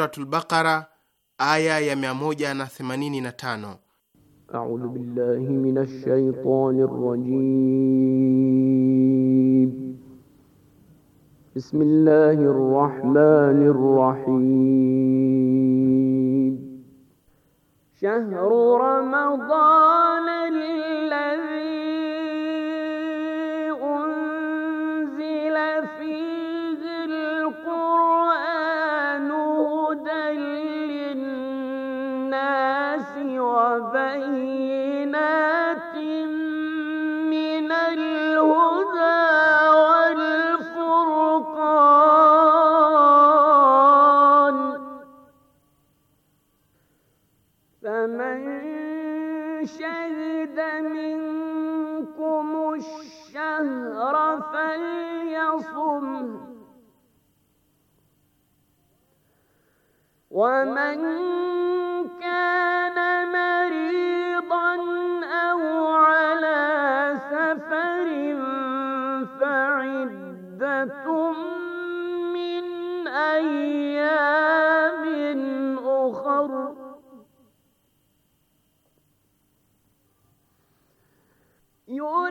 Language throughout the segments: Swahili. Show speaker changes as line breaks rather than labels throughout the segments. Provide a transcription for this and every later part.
Suratul Baqara aya ya 185.
A'udhu billahi minash shaitani rrajim. Bismillahir rahmanir rahim. Shahru
Ramadan من الهدى والفرقان فمن شهد منكم الشهر ومن your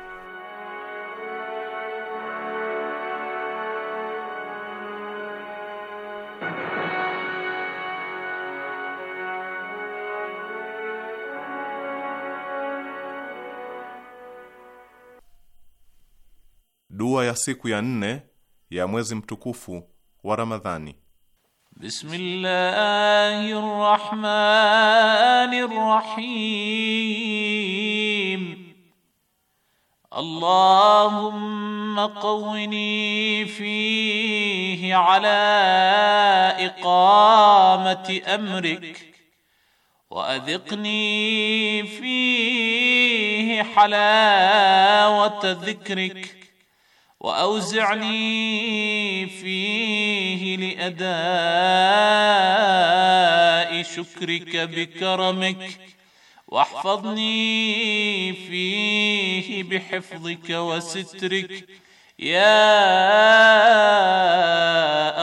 Dua ya siku ya nne ya mwezi mtukufu wa Ramadhani. Bismillahir
Rahmanir Rahim. Allahumma qawwini fihi ala iqamati amrik وأذقني فيه حلاوة ذكرك واوزعني فيه لاداء شكرك بكرمك واحفظني فيه بحفظك وسترك يا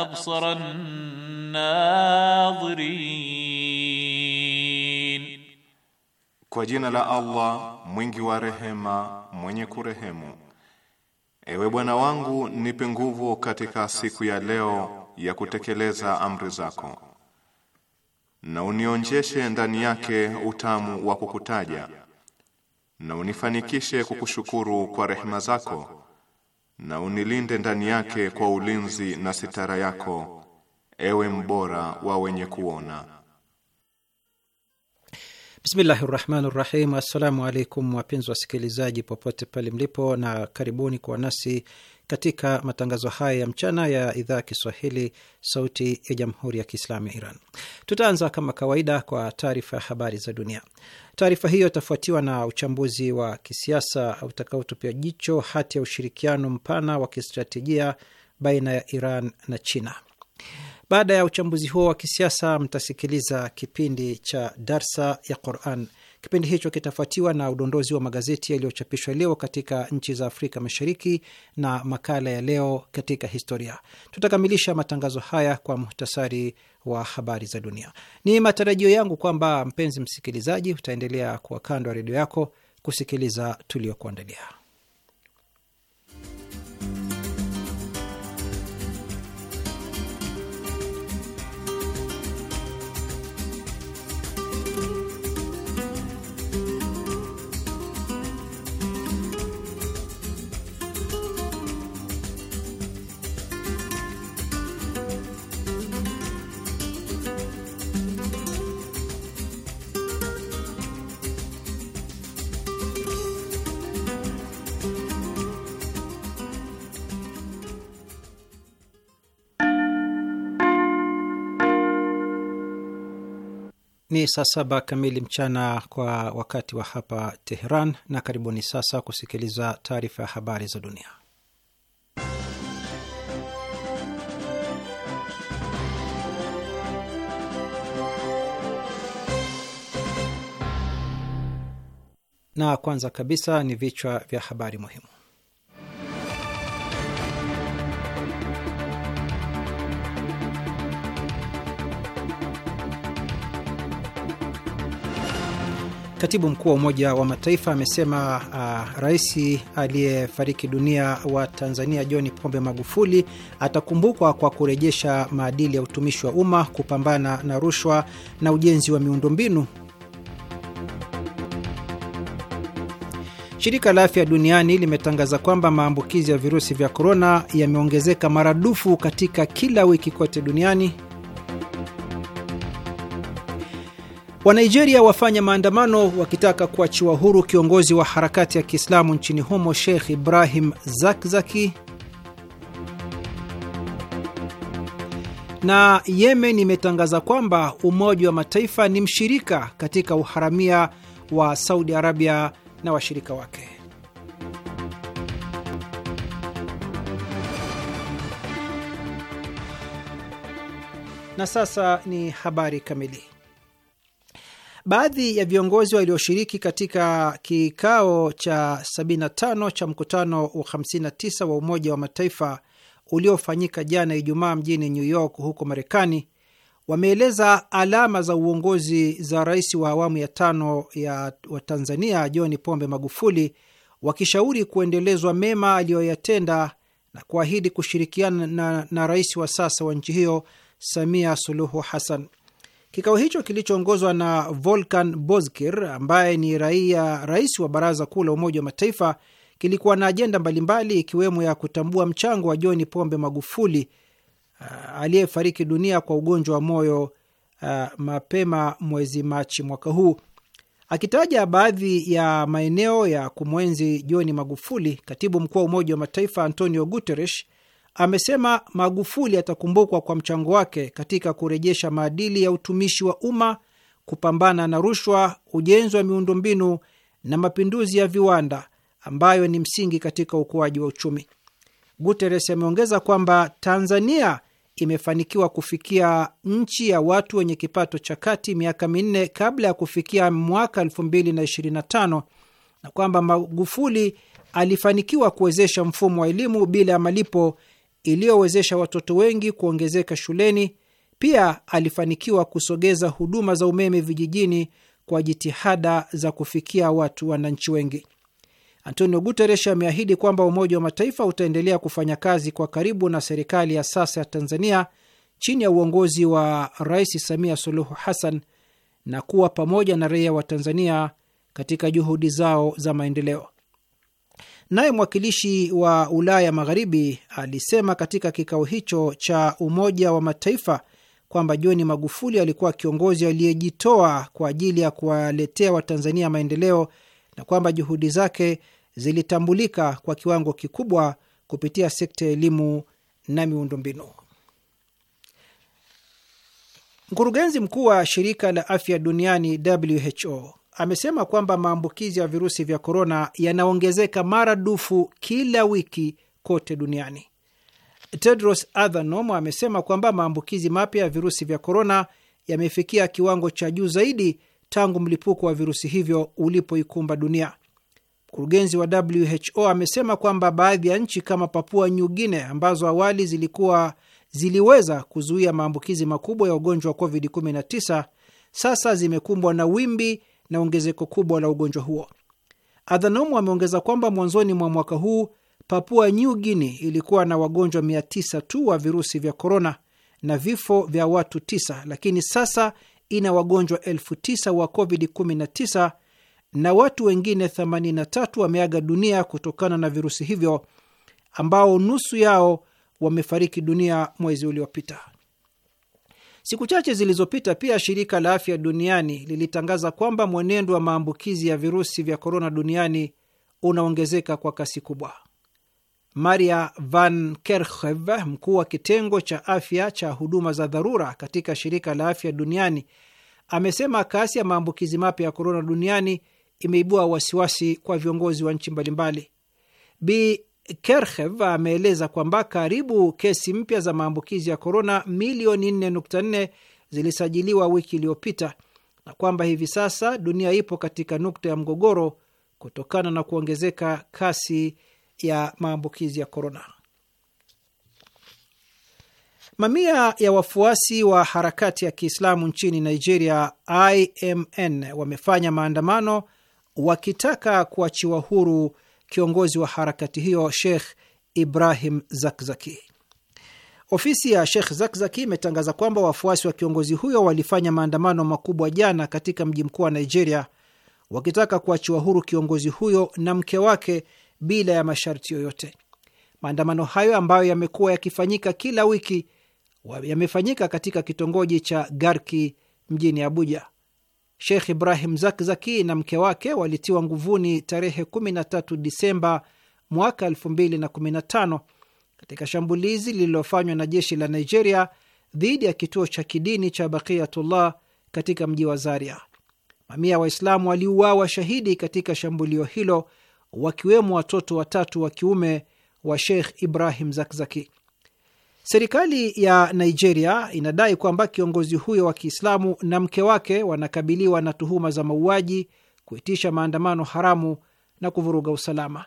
ابصر الناظرين
kwa jina la allah mwingi wa rehema mwenye kurehemu Ewe Bwana wangu, nipe nguvu katika siku ya leo ya kutekeleza amri zako, na unionjeshe ndani yake utamu wa kukutaja, na unifanikishe kukushukuru kwa rehema zako, na unilinde ndani yake kwa ulinzi na sitara yako, ewe mbora wa wenye kuona.
Bismillahi rahmani rahim. Assalamu alaikum wapenzi wasikilizaji popote pale mlipo, na karibuni kwa nasi katika matangazo haya ya mchana ya idhaa ya Kiswahili sauti ya jamhuri ya kiislamu ya Iran. Tutaanza kama kawaida kwa taarifa ya habari za dunia. Taarifa hiyo itafuatiwa na uchambuzi wa kisiasa utakaotupia jicho hati ya ushirikiano mpana wa kistratejia baina ya Iran na China. Baada ya uchambuzi huo wa kisiasa, mtasikiliza kipindi cha darsa ya Quran. Kipindi hicho kitafuatiwa na udondozi wa magazeti yaliyochapishwa leo katika nchi za Afrika Mashariki na makala ya leo katika historia. Tutakamilisha matangazo haya kwa muhtasari wa habari za dunia. Ni matarajio yangu kwamba mpenzi msikilizaji, utaendelea kuwa kando ya redio yako kusikiliza tuliokuandalia. Ni saa saba kamili mchana kwa wakati wa hapa Teheran, na karibuni sasa kusikiliza taarifa ya habari za dunia. Na kwanza kabisa ni vichwa vya habari muhimu. Katibu mkuu wa Umoja wa Mataifa amesema uh, rais aliyefariki dunia wa Tanzania John Pombe Magufuli atakumbukwa kwa kurejesha maadili ya utumishi wa umma, kupambana na rushwa na ujenzi wa miundombinu. Shirika la Afya Duniani limetangaza kwamba maambukizi ya virusi vya korona yameongezeka maradufu katika kila wiki kote duniani Wanigeria wafanya maandamano wakitaka kuachiwa huru kiongozi wa harakati ya Kiislamu nchini humo Sheikh Ibrahim Zakzaki. Na Yemen imetangaza kwamba Umoja wa Mataifa ni mshirika katika uharamia wa Saudi Arabia na washirika wake. Na sasa ni habari kamili. Baadhi ya viongozi walioshiriki katika kikao cha 75 cha mkutano wa 59 wa Umoja wa Mataifa uliofanyika jana Ijumaa mjini New York huko Marekani wameeleza alama za uongozi za rais wa awamu ya tano ya wa Tanzania John Pombe Magufuli, wakishauri kuendelezwa mema aliyoyatenda na kuahidi kushirikiana na, na rais wa sasa wa nchi hiyo Samia Suluhu Hassan. Kikao hicho kilichoongozwa na Volkan Bozkir ambaye ni raia rais wa baraza kuu la Umoja wa Mataifa kilikuwa na ajenda mbalimbali ikiwemo ya kutambua mchango wa John Pombe Magufuli uh, aliyefariki dunia kwa ugonjwa wa moyo uh, mapema mwezi Machi mwaka huu. Akitaja baadhi ya maeneo ya kumwenzi John Magufuli, katibu mkuu wa Umoja wa Mataifa Antonio Guterres amesema Magufuli atakumbukwa kwa mchango wake katika kurejesha maadili ya utumishi wa umma, kupambana na rushwa, ujenzi wa miundombinu na mapinduzi ya viwanda ambayo ni msingi katika ukuaji wa uchumi. Guterres ameongeza kwamba Tanzania imefanikiwa kufikia nchi ya watu wenye kipato cha kati miaka minne kabla ya kufikia mwaka 2025 na kwamba Magufuli alifanikiwa kuwezesha mfumo wa elimu bila ya malipo iliyowezesha watoto wengi kuongezeka shuleni. Pia alifanikiwa kusogeza huduma za umeme vijijini kwa jitihada za kufikia watu wananchi wengi. Antonio Guterres ameahidi kwamba Umoja wa Mataifa utaendelea kufanya kazi kwa karibu na serikali ya sasa ya Tanzania chini ya uongozi wa Rais Samia Suluhu Hassan na kuwa pamoja na raia wa Tanzania katika juhudi zao za maendeleo. Naye mwakilishi wa Ulaya Magharibi alisema katika kikao hicho cha Umoja wa Mataifa kwamba John Magufuli alikuwa kiongozi aliyejitoa kwa ajili ya kuwaletea Watanzania maendeleo na kwamba juhudi zake zilitambulika kwa kiwango kikubwa kupitia sekta ya elimu na miundombinu. Mkurugenzi mkuu wa shirika la afya duniani WHO amesema kwamba maambukizi ya virusi vya korona yanaongezeka maradufu kila wiki kote duniani. Tedros Adhanom amesema kwamba maambukizi mapya ya virusi vya korona yamefikia kiwango cha juu zaidi tangu mlipuko wa virusi hivyo ulipoikumba dunia. Mkurugenzi wa WHO amesema kwamba baadhi ya nchi kama Papua New Guinea ambazo awali zilikuwa ziliweza kuzuia maambukizi makubwa ya ugonjwa wa COVID-19 sasa zimekumbwa na wimbi na ongezeko kubwa la ugonjwa huo. Adhanom ameongeza kwamba mwanzoni mwa mwaka huu Papua New Guinea ilikuwa na wagonjwa 900 tu wa virusi vya korona na vifo vya watu 9, lakini sasa ina wagonjwa 9 wa COVID-19 na watu wengine 83 wameaga dunia kutokana na virusi hivyo, ambao nusu yao wamefariki dunia mwezi uliopita. Siku chache zilizopita pia shirika la afya duniani lilitangaza kwamba mwenendo wa maambukizi ya virusi vya korona duniani unaongezeka kwa kasi kubwa. Maria Van Kerkhove, mkuu wa kitengo cha afya cha huduma za dharura katika shirika la afya duniani, amesema kasi ya maambukizi mapya ya korona duniani imeibua wasiwasi kwa viongozi wa nchi mbalimbali. Bi kerhev ameeleza kwamba karibu kesi mpya za maambukizi ya korona milioni 4.4 zilisajiliwa wiki iliyopita na kwamba hivi sasa dunia ipo katika nukta ya mgogoro kutokana na kuongezeka kasi ya maambukizi ya korona. Mamia ya wafuasi wa harakati ya Kiislamu nchini Nigeria, IMN, wamefanya maandamano wakitaka kuachiwa huru kiongozi wa harakati hiyo Sheikh Ibrahim Zakzaki. Ofisi ya Sheikh Zakzaki imetangaza kwamba wafuasi wa kiongozi huyo walifanya maandamano makubwa jana katika mji mkuu wa Nigeria wakitaka kuachiwa huru kiongozi huyo na mke wake bila ya masharti yoyote. Maandamano hayo ambayo yamekuwa yakifanyika kila wiki yamefanyika katika kitongoji cha Garki mjini Abuja. Sheikh Ibrahim Zakzaki na mke wake walitiwa nguvuni tarehe 13 Disemba mwaka 2015 katika shambulizi lililofanywa na jeshi la Nigeria dhidi ya kituo cha kidini cha Bakiyatullah katika mji wa Zaria. Mamia Waislamu waliuawa shahidi katika shambulio hilo, wakiwemo watoto watatu wa kiume wa Sheikh Ibrahim Zakzaki. Serikali ya Nigeria inadai kwamba kiongozi huyo wa Kiislamu na mke wake wanakabiliwa na tuhuma za mauaji, kuitisha maandamano haramu na kuvuruga usalama.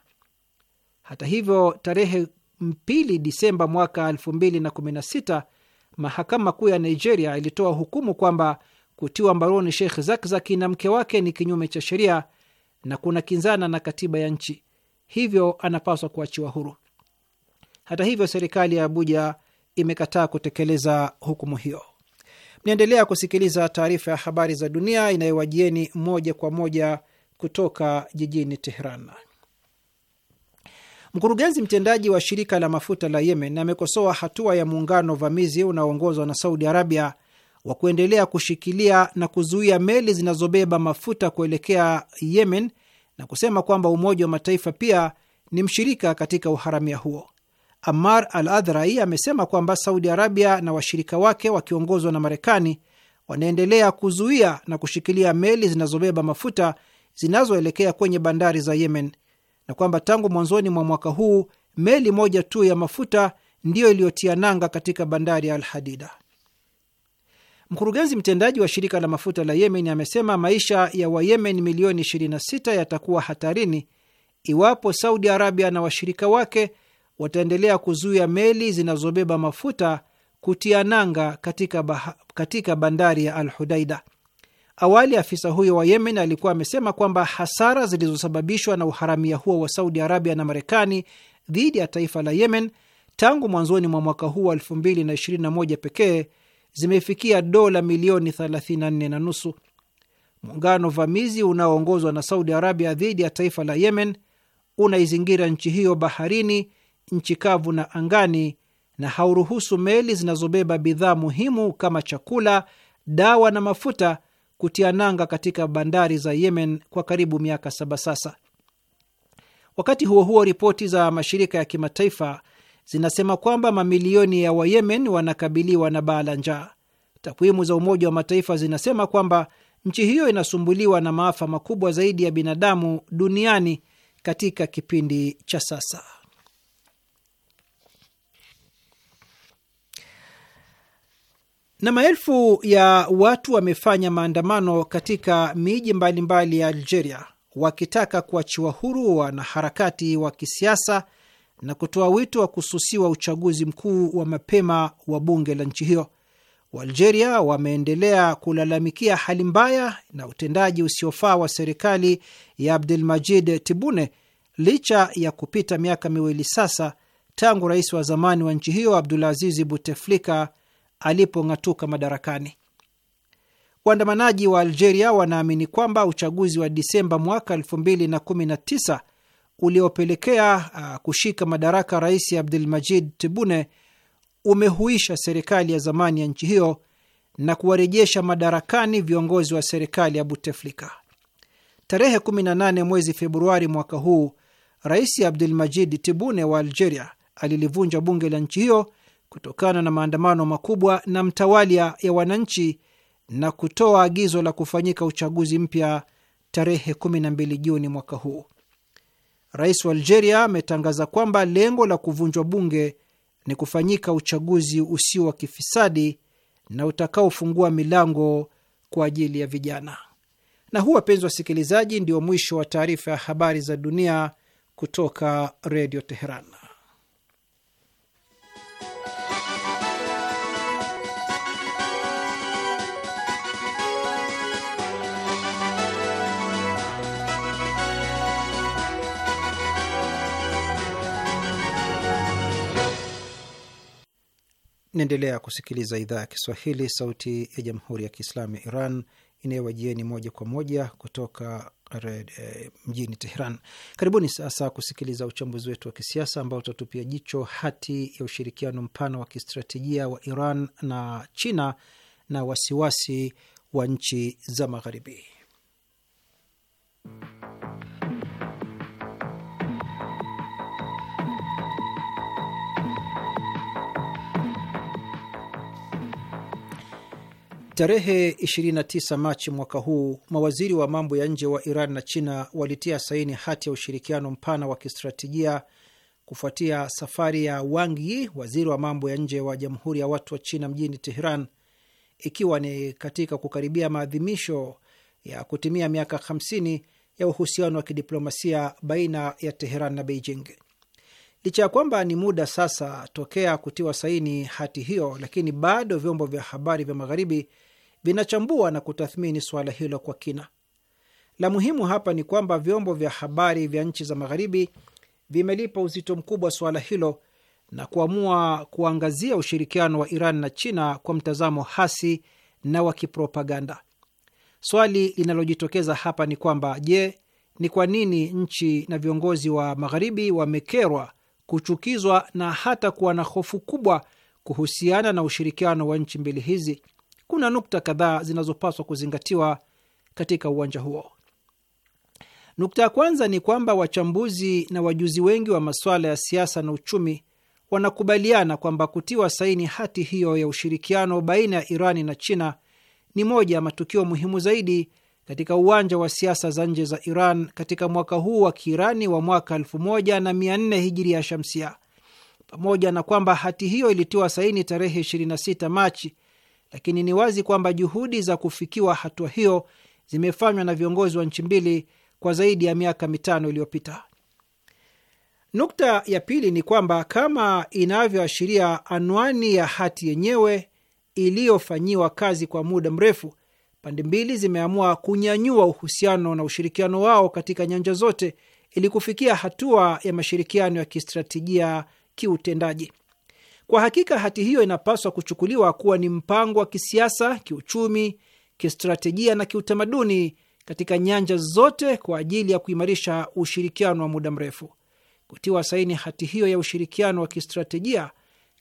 Hata hivyo, tarehe 2 Disemba mwaka 2016 mahakama kuu ya Nigeria ilitoa hukumu kwamba kutiwa mbaroni Sheikh Zakzaki na mke wake ni kinyume cha sheria na kuna kinzana na katiba ya nchi, hivyo anapaswa kuachiwa huru. Hata hivyo, serikali ya Abuja imekataa kutekeleza hukumu hiyo. Mnaendelea kusikiliza taarifa ya habari za dunia inayowajieni moja kwa moja kutoka jijini Teheran. Mkurugenzi mtendaji wa shirika la mafuta la Yemen amekosoa hatua ya muungano vamizi unaoongozwa na Saudi Arabia wa kuendelea kushikilia na kuzuia meli zinazobeba mafuta kuelekea Yemen na kusema kwamba Umoja wa Mataifa pia ni mshirika katika uharamia huo amar al Adhrai amesema kwamba Saudi Arabia na washirika wake wakiongozwa na Marekani wanaendelea kuzuia na kushikilia meli zinazobeba mafuta zinazoelekea kwenye bandari za Yemen na kwamba tangu mwanzoni mwa mwaka huu meli moja tu ya mafuta ndiyo iliyotia nanga katika bandari ya Alhadida. Mkurugenzi mtendaji wa shirika la mafuta la Yemen amesema maisha ya Wayemen milioni 26 yatakuwa hatarini iwapo Saudi Arabia na washirika wake wataendelea kuzuia meli zinazobeba mafuta kutia nanga katika, katika bandari ya Al Hudaida. Awali afisa huyo wa Yemen alikuwa amesema kwamba hasara zilizosababishwa na uharamia huo wa Saudi Arabia na Marekani dhidi ya taifa la Yemen tangu mwanzoni mwa mwaka huu wa 2021 pekee zimefikia dola milioni 34 na nusu. Muungano vamizi unaoongozwa na Saudi Arabia dhidi ya taifa la Yemen unaizingira nchi hiyo baharini nchi kavu na angani, na hauruhusu meli zinazobeba bidhaa muhimu kama chakula, dawa na mafuta kutia nanga katika bandari za Yemen kwa karibu miaka saba sasa. Wakati huo huo, ripoti za mashirika ya kimataifa zinasema kwamba mamilioni ya Wayemen wanakabiliwa na baa la njaa. Takwimu za Umoja wa Mataifa zinasema kwamba nchi hiyo inasumbuliwa na maafa makubwa zaidi ya binadamu duniani katika kipindi cha sasa. Na maelfu ya watu wamefanya maandamano katika miji mbalimbali ya Algeria wakitaka kuachiwa huru wanaharakati wa kisiasa na kutoa wito wa kususiwa uchaguzi mkuu wa mapema wa bunge la nchi hiyo. Waalgeria wameendelea kulalamikia hali mbaya na utendaji usiofaa wa serikali ya Abdelmajid tibune licha ya kupita miaka miwili sasa tangu rais wa zamani wa nchi hiyo Abdulaziz Buteflika alipong'atuka madarakani. Waandamanaji wa Algeria wanaamini kwamba uchaguzi wa Disemba mwaka 2019 uliopelekea uh, kushika madaraka Rais abdul majid tibune umehuisha serikali ya zamani ya nchi hiyo na kuwarejesha madarakani viongozi wa serikali ya Buteflika. Tarehe 18 mwezi Februari mwaka huu, Rais abdul majid tibune wa Algeria alilivunja bunge la nchi hiyo kutokana na maandamano makubwa na mtawalia ya wananchi na kutoa agizo la kufanyika uchaguzi mpya tarehe 12 Juni mwaka huu. Rais wa Algeria ametangaza kwamba lengo la kuvunjwa bunge ni kufanyika uchaguzi usio wa kifisadi na utakaofungua milango kwa ajili ya vijana. Na huu, wapenzi wasikilizaji, ndio mwisho wa taarifa ya habari za dunia kutoka Redio Teheran. Naendelea kusikiliza idhaa ya Kiswahili, sauti ya jamhuri ya kiislamu ya Iran inayowajieni moja kwa moja kutoka red, e, mjini Teheran. Karibuni sasa kusikiliza uchambuzi wetu wa kisiasa ambao utatupia jicho hati ya ushirikiano mpana wa kistratejia wa Iran na China na wasiwasi wa nchi za Magharibi. Tarehe 29 Machi mwaka huu mawaziri wa mambo ya nje wa Iran na China walitia saini hati ya ushirikiano mpana wa kistratejia kufuatia safari ya Wang Yi, waziri wa mambo ya nje wa Jamhuri ya Watu wa China mjini Teheran, ikiwa ni katika kukaribia maadhimisho ya kutimia miaka 50 ya uhusiano wa kidiplomasia baina ya Teheran na Beijing. Licha ya kwamba ni muda sasa tokea kutiwa saini hati hiyo, lakini bado vyombo vya habari vya magharibi vinachambua na kutathmini suala hilo kwa kina. La muhimu hapa ni kwamba vyombo vya habari vya nchi za magharibi vimelipa uzito mkubwa suala hilo na kuamua kuangazia ushirikiano wa Iran na China kwa mtazamo hasi na wa kipropaganda. Swali linalojitokeza hapa ni kwamba je, ni kwa nini nchi na viongozi wa magharibi wamekerwa kuchukizwa na hata kuwa na hofu kubwa kuhusiana na ushirikiano wa nchi mbili hizi. Kuna nukta kadhaa zinazopaswa kuzingatiwa katika uwanja huo. Nukta ya kwanza ni kwamba wachambuzi na wajuzi wengi wa masuala ya siasa na uchumi wanakubaliana kwamba kutiwa saini hati hiyo ya ushirikiano baina ya Irani na China ni moja ya matukio muhimu zaidi katika uwanja wa siasa za nje za Iran katika mwaka huu wa Kiirani wa mwaka 1404 hijiria shamsia. Pamoja na kwamba hati hiyo ilitiwa saini tarehe 26 Machi, lakini ni wazi kwamba juhudi za kufikiwa hatua hiyo zimefanywa na viongozi wa nchi mbili kwa zaidi ya miaka mitano iliyopita. Nukta ya pili ni kwamba kama inavyoashiria anwani ya hati yenyewe iliyofanyiwa kazi kwa muda mrefu Pande mbili zimeamua kunyanyua uhusiano na ushirikiano wao katika nyanja zote ili kufikia hatua ya mashirikiano ya kistratejia kiutendaji. Kwa hakika, hati hiyo inapaswa kuchukuliwa kuwa ni mpango wa kisiasa, kiuchumi, kistratejia na kiutamaduni katika nyanja zote kwa ajili ya kuimarisha ushirikiano wa muda mrefu. Kutiwa saini hati hiyo ya ushirikiano wa kistratejia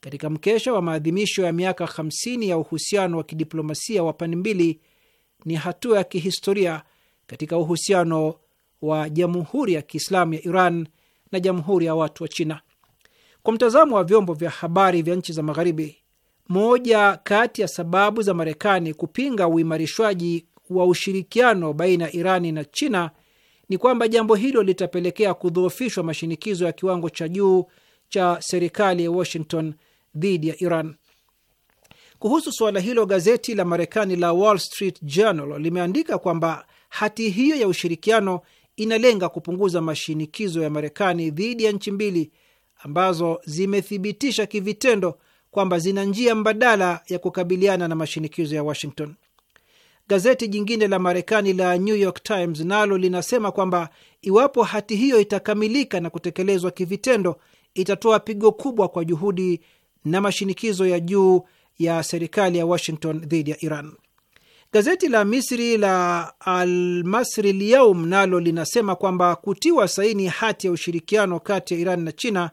katika mkesha wa maadhimisho ya miaka 50 ya uhusiano wa kidiplomasia wa pande mbili ni hatua ya kihistoria katika uhusiano wa Jamhuri ya Kiislamu ya Iran na Jamhuri ya Watu wa China. Kwa mtazamo wa vyombo vya habari vya nchi za Magharibi, moja kati ya sababu za Marekani kupinga uimarishwaji wa ushirikiano baina ya Irani na China ni kwamba jambo hilo litapelekea kudhoofishwa mashinikizo ya kiwango cha juu cha serikali ya Washington dhidi ya Iran. Kuhusu suala hilo, gazeti la Marekani la Wall Street Journal limeandika kwamba hati hiyo ya ushirikiano inalenga kupunguza mashinikizo ya Marekani dhidi ya nchi mbili ambazo zimethibitisha kivitendo kwamba zina njia mbadala ya kukabiliana na mashinikizo ya Washington. Gazeti jingine la Marekani la New York Times nalo linasema kwamba iwapo hati hiyo itakamilika na kutekelezwa kivitendo, itatoa pigo kubwa kwa juhudi na mashinikizo ya juu ya serikali ya Washington dhidi ya Iran. Gazeti la Misri la Almasri Lyaum nalo linasema kwamba kutiwa saini hati ya ushirikiano kati ya Iran na China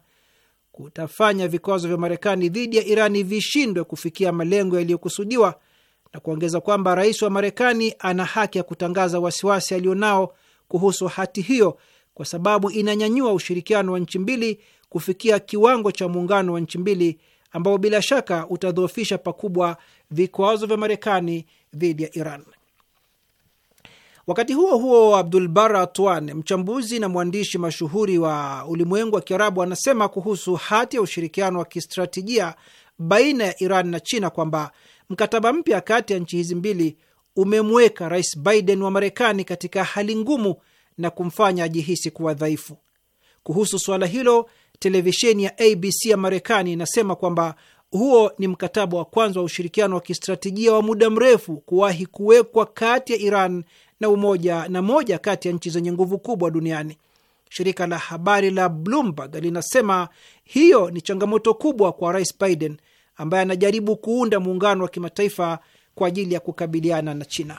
kutafanya vikwazo vya Marekani dhidi ya Irani vishindwe kufikia malengo yaliyokusudiwa na kuongeza kwamba rais wa Marekani ana haki ya kutangaza wasiwasi alionao kuhusu hati hiyo kwa sababu inanyanyua ushirikiano wa nchi mbili kufikia kiwango cha muungano wa nchi mbili ambao bila shaka utadhoofisha pakubwa vikwazo vya Marekani dhidi ya Iran. Wakati huo huo, Abdul Bara Atwan, mchambuzi na mwandishi mashuhuri wa ulimwengu wa Kiarabu, anasema kuhusu hati ya ushirikiano wa kistratejia baina ya Iran na China kwamba mkataba mpya kati ya nchi hizi mbili umemweka Rais Biden wa Marekani katika hali ngumu na kumfanya ajihisi kuwa dhaifu. Kuhusu suala hilo, televisheni ya ABC ya Marekani inasema kwamba huo ni mkataba wa kwanza wa ushirikiano wa kistratejia wa muda mrefu kuwahi kuwekwa kati ya Iran na umoja na moja kati ya nchi zenye nguvu kubwa duniani. Shirika la habari la Bloomberg linasema hiyo ni changamoto kubwa kwa Rais Biden ambaye anajaribu kuunda muungano wa kimataifa kwa ajili ya kukabiliana na China.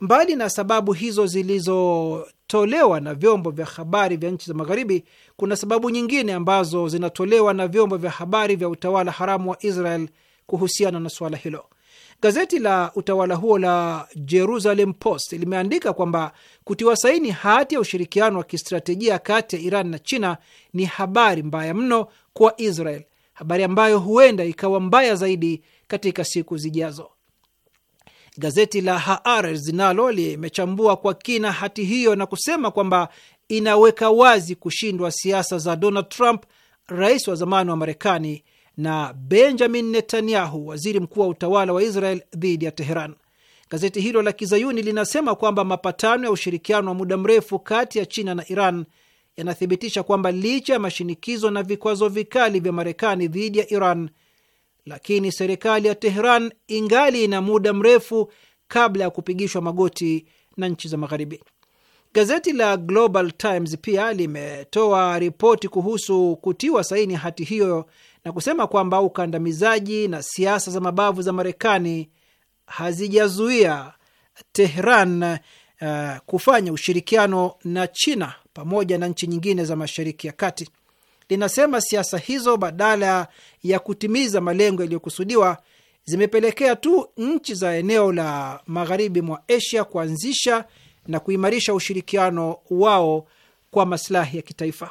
Mbali na sababu hizo zilizotolewa na vyombo vya habari vya nchi za Magharibi, kuna sababu nyingine ambazo zinatolewa na vyombo vya habari vya utawala haramu wa Israel kuhusiana na suala hilo. Gazeti la utawala huo la Jerusalem Post limeandika kwamba kutiwa saini hati ya ushirikiano wa kistratejia kati ya Iran na China ni habari mbaya mno kwa Israel, habari ambayo huenda ikawa mbaya zaidi katika siku zijazo. Gazeti la Haaretz nalo limechambua kwa kina hati hiyo na kusema kwamba inaweka wazi kushindwa siasa za Donald Trump, rais wa zamani wa Marekani, na Benjamin Netanyahu, waziri mkuu wa utawala wa Israel, dhidi ya Teheran. Gazeti hilo la kizayuni linasema kwamba mapatano ya ushirikiano wa muda mrefu kati ya China na Iran yanathibitisha kwamba licha ya mashinikizo na vikwazo vikali vya Marekani dhidi ya Iran, lakini serikali ya Tehran ingali ina muda mrefu kabla ya kupigishwa magoti na nchi za Magharibi. Gazeti la Global Times pia limetoa ripoti kuhusu kutiwa saini hati hiyo na kusema kwamba ukandamizaji na siasa za mabavu za Marekani hazijazuia Tehran uh, kufanya ushirikiano na China pamoja na nchi nyingine za Mashariki ya Kati linasema siasa hizo badala ya kutimiza malengo yaliyokusudiwa zimepelekea tu nchi za eneo la magharibi mwa Asia kuanzisha na kuimarisha ushirikiano wao kwa maslahi ya kitaifa.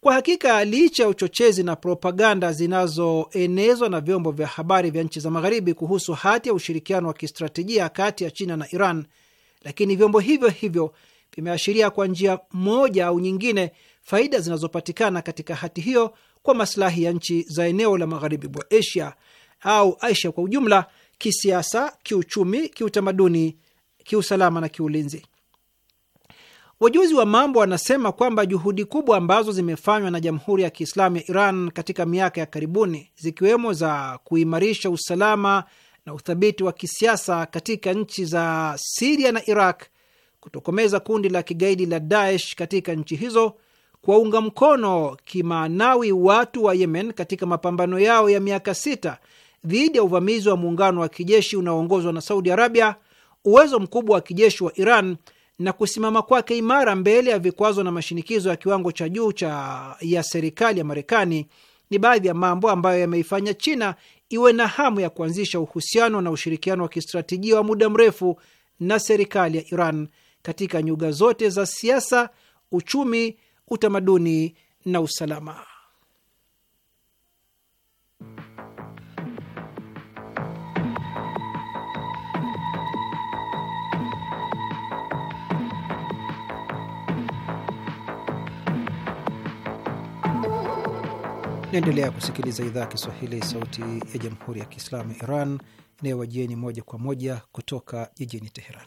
Kwa hakika, licha ya uchochezi na propaganda zinazoenezwa na vyombo vya habari vya nchi za magharibi kuhusu hati ya ushirikiano wa kistratejia kati ya China na Iran, lakini vyombo hivyo hivyo vimeashiria kwa njia moja au nyingine faida zinazopatikana katika hati hiyo kwa masilahi ya nchi za eneo la magharibi mwa Asia au Asia kwa ujumla, kisiasa, kiuchumi, kiutamaduni, kiusalama na kiulinzi. Wajuzi wa mambo wanasema kwamba juhudi kubwa ambazo zimefanywa na Jamhuri ya Kiislamu ya Iran katika miaka ya karibuni, zikiwemo za kuimarisha usalama na uthabiti wa kisiasa katika nchi za Siria na Iraq, kutokomeza kundi la kigaidi la Daesh katika nchi hizo kuwaunga mkono kimaanawi watu wa Yemen katika mapambano yao ya miaka sita dhidi ya uvamizi wa muungano wa kijeshi unaoongozwa na Saudi Arabia, uwezo mkubwa wa kijeshi wa Iran na kusimama kwake imara mbele ya vikwazo na mashinikizo ya kiwango cha juu cha ya serikali ya Marekani ni baadhi ya mambo ambayo yameifanya China iwe na hamu ya kuanzisha uhusiano na ushirikiano wa kistratejia wa muda mrefu na serikali ya Iran katika nyuga zote za siasa, uchumi utamaduni na usalama. Naendelea kusikiliza idhaa ya Kiswahili, sauti ya jamhuri ya kiislamu Iran inayowajieni moja kwa moja kutoka jijini Teheran.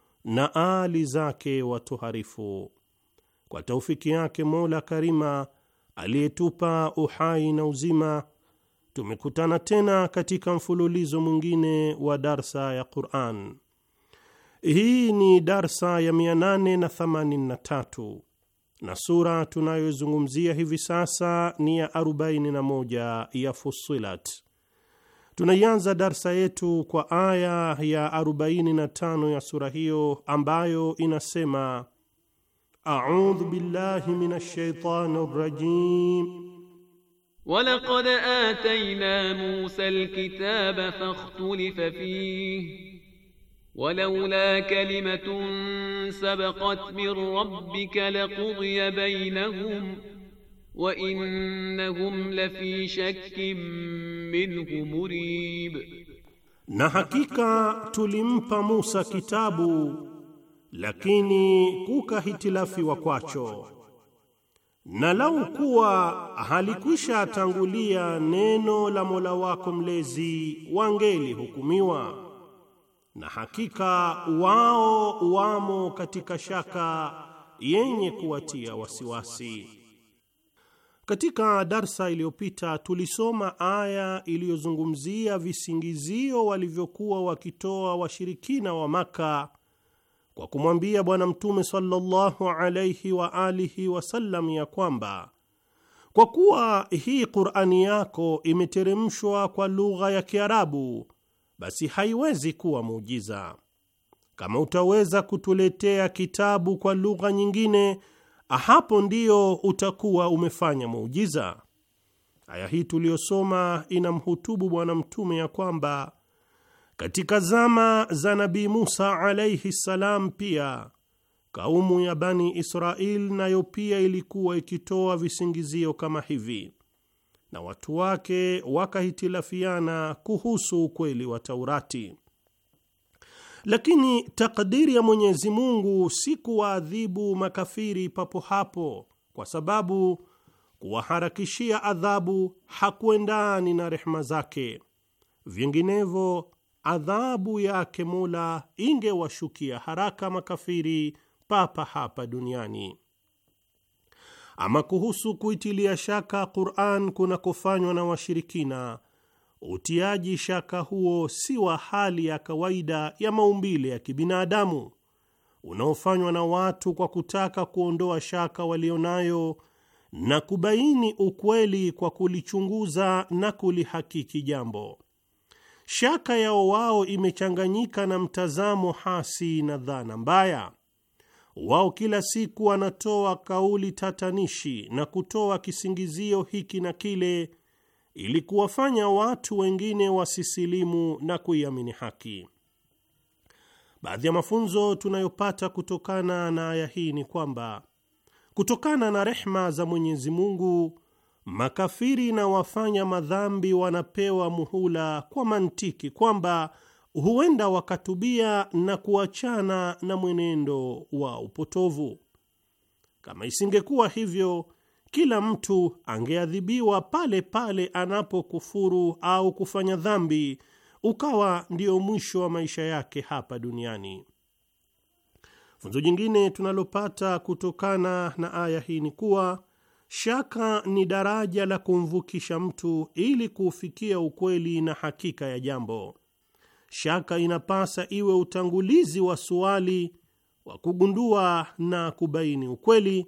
na aali zake watoharifu. Kwa taufiki yake Mola Karima aliyetupa uhai na uzima, tumekutana tena katika mfululizo mwingine wa darsa ya Quran. Hii ni darsa ya 883 na sura tunayozungumzia hivi sasa ni ya 41 ya Fussilat. Tunaianza darsa yetu kwa aya ya 45 ya sura hiyo ambayo inasema: audhu billahi minash shaitani rajim
walaqad atayna Musa alkitaba fakhtulifa fihi walaula kalimatun sabaqat min rabbika laqudiya bainahum wa innahum lafi shakkin minhu murib,
na hakika tulimpa Musa kitabu lakini kukahitilafiwa kwacho, na lau kuwa halikwisha tangulia neno la Mola wako mlezi wangelihukumiwa, na hakika wao wamo katika shaka yenye kuwatia wasiwasi. Katika darsa iliyopita tulisoma aya iliyozungumzia visingizio walivyokuwa wakitoa washirikina wa Maka kwa kumwambia Bwana Mtume sallallahu alaihi wa alihi wasallam ya kwamba kwa kuwa hii Qur'ani yako imeteremshwa kwa lugha ya Kiarabu, basi haiwezi kuwa muujiza. Kama utaweza kutuletea kitabu kwa lugha nyingine hapo ndio utakuwa umefanya muujiza. Aya hii tuliyosoma inamhutubu Bwana Mtume ya kwamba katika zama za Nabii Musa alaihi ssalam, pia kaumu ya Bani Israil nayo pia ilikuwa ikitoa visingizio kama hivi, na watu wake wakahitilafiana kuhusu ukweli wa Taurati. Lakini takdiri ya Mwenyezi Mungu si kuwaadhibu makafiri papo hapo, kwa sababu kuwaharakishia adhabu hakuendani na rehma zake. Vinginevyo adhabu yake Mola ingewashukia haraka makafiri papa hapa duniani. Ama kuhusu kuitilia shaka Qur'an kunakofanywa na washirikina utiaji shaka huo si wa hali ya kawaida ya maumbile ya kibinadamu unaofanywa na watu kwa kutaka kuondoa shaka walionayo na kubaini ukweli kwa kulichunguza na kulihakiki jambo. Shaka yao wao imechanganyika na mtazamo hasi na dhana mbaya. Wao kila siku wanatoa kauli tatanishi na kutoa kisingizio hiki na kile ili kuwafanya watu wengine wasisilimu na kuiamini haki. Baadhi ya mafunzo tunayopata kutokana na aya hii ni kwamba kutokana na rehma za Mwenyezi Mungu, makafiri na wafanya madhambi wanapewa muhula kwa mantiki kwamba huenda wakatubia na kuachana na mwenendo wa upotovu. Kama isingekuwa hivyo kila mtu angeadhibiwa pale pale anapokufuru au kufanya dhambi, ukawa ndio mwisho wa maisha yake hapa duniani. Funzo jingine tunalopata kutokana na aya hii ni kuwa shaka ni daraja la kumvukisha mtu ili kuufikia ukweli na hakika ya jambo. Shaka inapasa iwe utangulizi wa suali wa kugundua na kubaini ukweli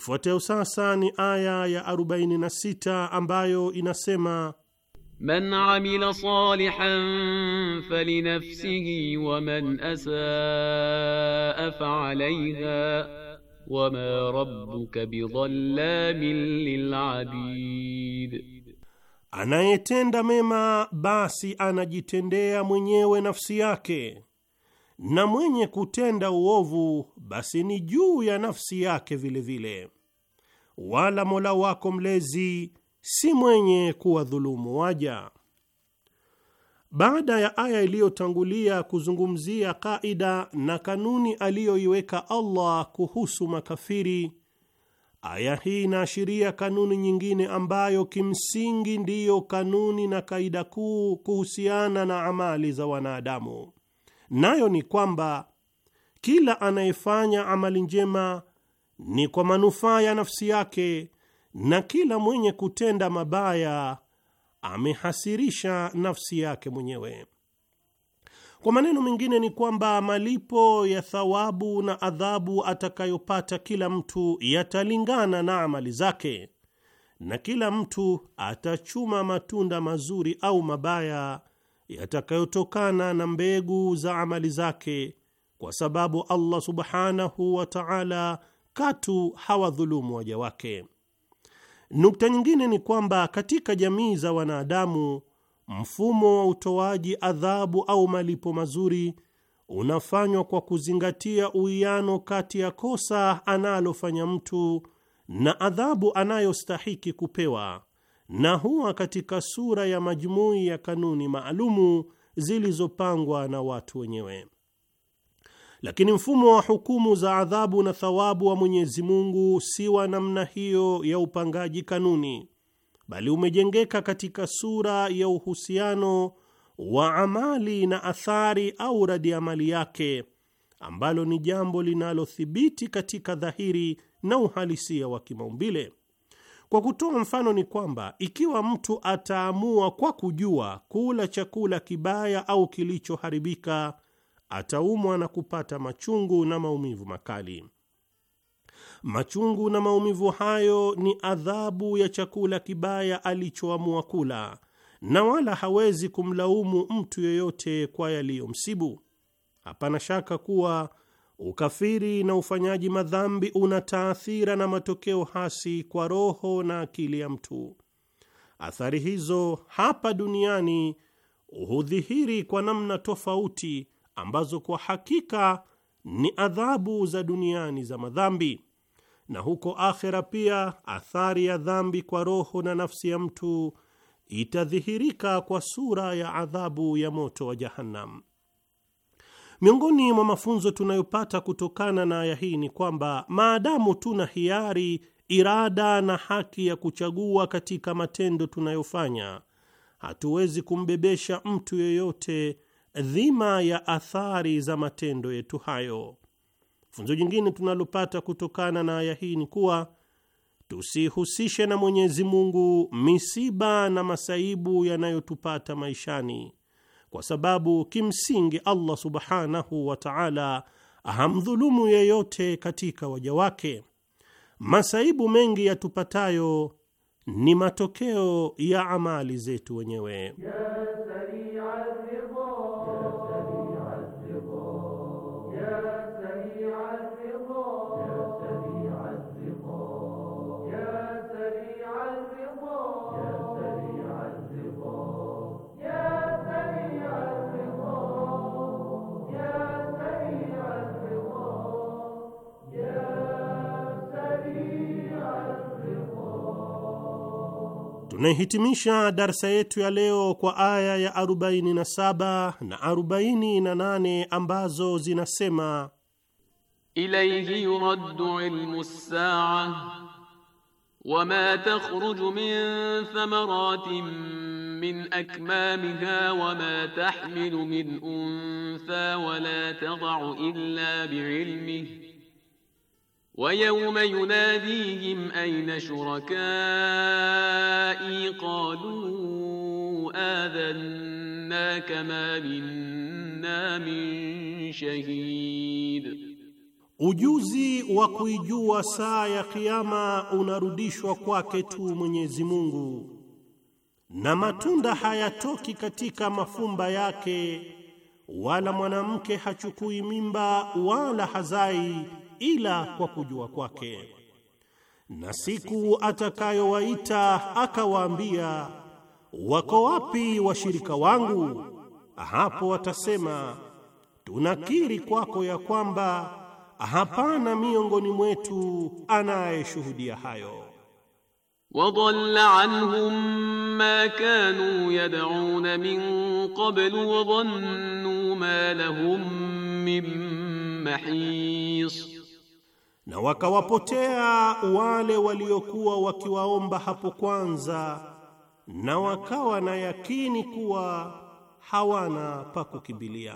Ifuatayo sasa ni aya ya 46 ambayo inasema Man
amila salihan falinafsihi wa man asaa faalaiha wama rabbuka bidhallamin lilabid,
anayetenda mema basi anajitendea mwenyewe nafsi yake na mwenye kutenda uovu basi ni juu ya nafsi yake vilevile vile. Wala Mola wako mlezi si mwenye kuwadhulumu waja. Baada ya aya iliyotangulia kuzungumzia kaida na kanuni aliyoiweka Allah kuhusu makafiri, aya hii inaashiria kanuni nyingine ambayo kimsingi ndiyo kanuni na kaida kuu kuhusiana na amali za wanadamu nayo ni kwamba kila anayefanya amali njema ni kwa manufaa ya nafsi yake na kila mwenye kutenda mabaya amehasirisha nafsi yake mwenyewe. Kwa maneno mengine ni kwamba malipo ya thawabu na adhabu atakayopata kila mtu yatalingana na amali zake, na kila mtu atachuma matunda mazuri au mabaya yatakayotokana na mbegu za amali zake, kwa sababu Allah subhanahu wa ta'ala katu hawadhulumu waja wake. Nukta nyingine ni kwamba katika jamii za wanadamu mfumo wa utoaji adhabu au malipo mazuri unafanywa kwa kuzingatia uwiano kati ya kosa analofanya mtu na adhabu anayostahiki kupewa na huwa katika sura ya majumui ya kanuni maalumu zilizopangwa na watu wenyewe. Lakini mfumo wa hukumu za adhabu na thawabu wa Mwenyezi Mungu si wa namna hiyo ya upangaji kanuni, bali umejengeka katika sura ya uhusiano wa amali na athari au radi amali yake, ambalo ni jambo linalothibiti katika dhahiri na uhalisia wa kimaumbile. Kwa kutoa mfano ni kwamba ikiwa mtu ataamua kwa kujua kula chakula kibaya au kilichoharibika, ataumwa na kupata machungu na maumivu makali. Machungu na maumivu hayo ni adhabu ya chakula kibaya alichoamua kula, na wala hawezi kumlaumu mtu yeyote kwa yaliyomsibu. Hapana shaka kuwa Ukafiri na ufanyaji madhambi una taathira na matokeo hasi kwa roho na akili ya mtu. Athari hizo hapa duniani hudhihiri kwa namna tofauti, ambazo kwa hakika ni adhabu za duniani za madhambi, na huko akhera pia athari ya dhambi kwa roho na nafsi ya mtu itadhihirika kwa sura ya adhabu ya moto wa Jahannam. Miongoni mwa mafunzo tunayopata kutokana na aya hii ni kwamba maadamu tuna hiari, irada na haki ya kuchagua katika matendo tunayofanya, hatuwezi kumbebesha mtu yeyote dhima ya athari za matendo yetu hayo. Funzo jingine tunalopata kutokana na aya hii ni kuwa tusihusishe na Mwenyezi Mungu misiba na masaibu yanayotupata maishani kwa sababu kimsingi Allah subhanahu wa ta'ala hamdhulumu yeyote katika waja wake. Masaibu mengi yatupatayo ni matokeo ya amali zetu wenyewe yeah. Tunaihitimisha darsa yetu ya leo kwa aya ya 47 na 48 ambazo zinasema:
ilayhi yuraddu ilmu saa wama takhruju min thamaratin min akmamiha wama tahmilu min untha wala tadau illa biilmihi wa yawma yunadihim ayna shurakai qalu adhanna kama minna min shahid
Ujuzi wa kuijua saa ya kiyama unarudishwa kwake tu Mwenyezi Mungu, na matunda hayatoki katika mafumba yake, wala mwanamke hachukui mimba wala hazai ila kwa kujua kwake, na siku atakayowaita akawaambia, wako wapi washirika wangu? Hapo watasema tunakiri kwako ya kwamba hapana miongoni mwetu anayeshuhudia hayo. Wadalla anhum
ma kanu yad'un min qabl wa dhannu ma lahum min mahis
na wakawapotea wale waliokuwa wakiwaomba hapo kwanza, na wakawa na yakini kuwa hawana pa kukimbilia.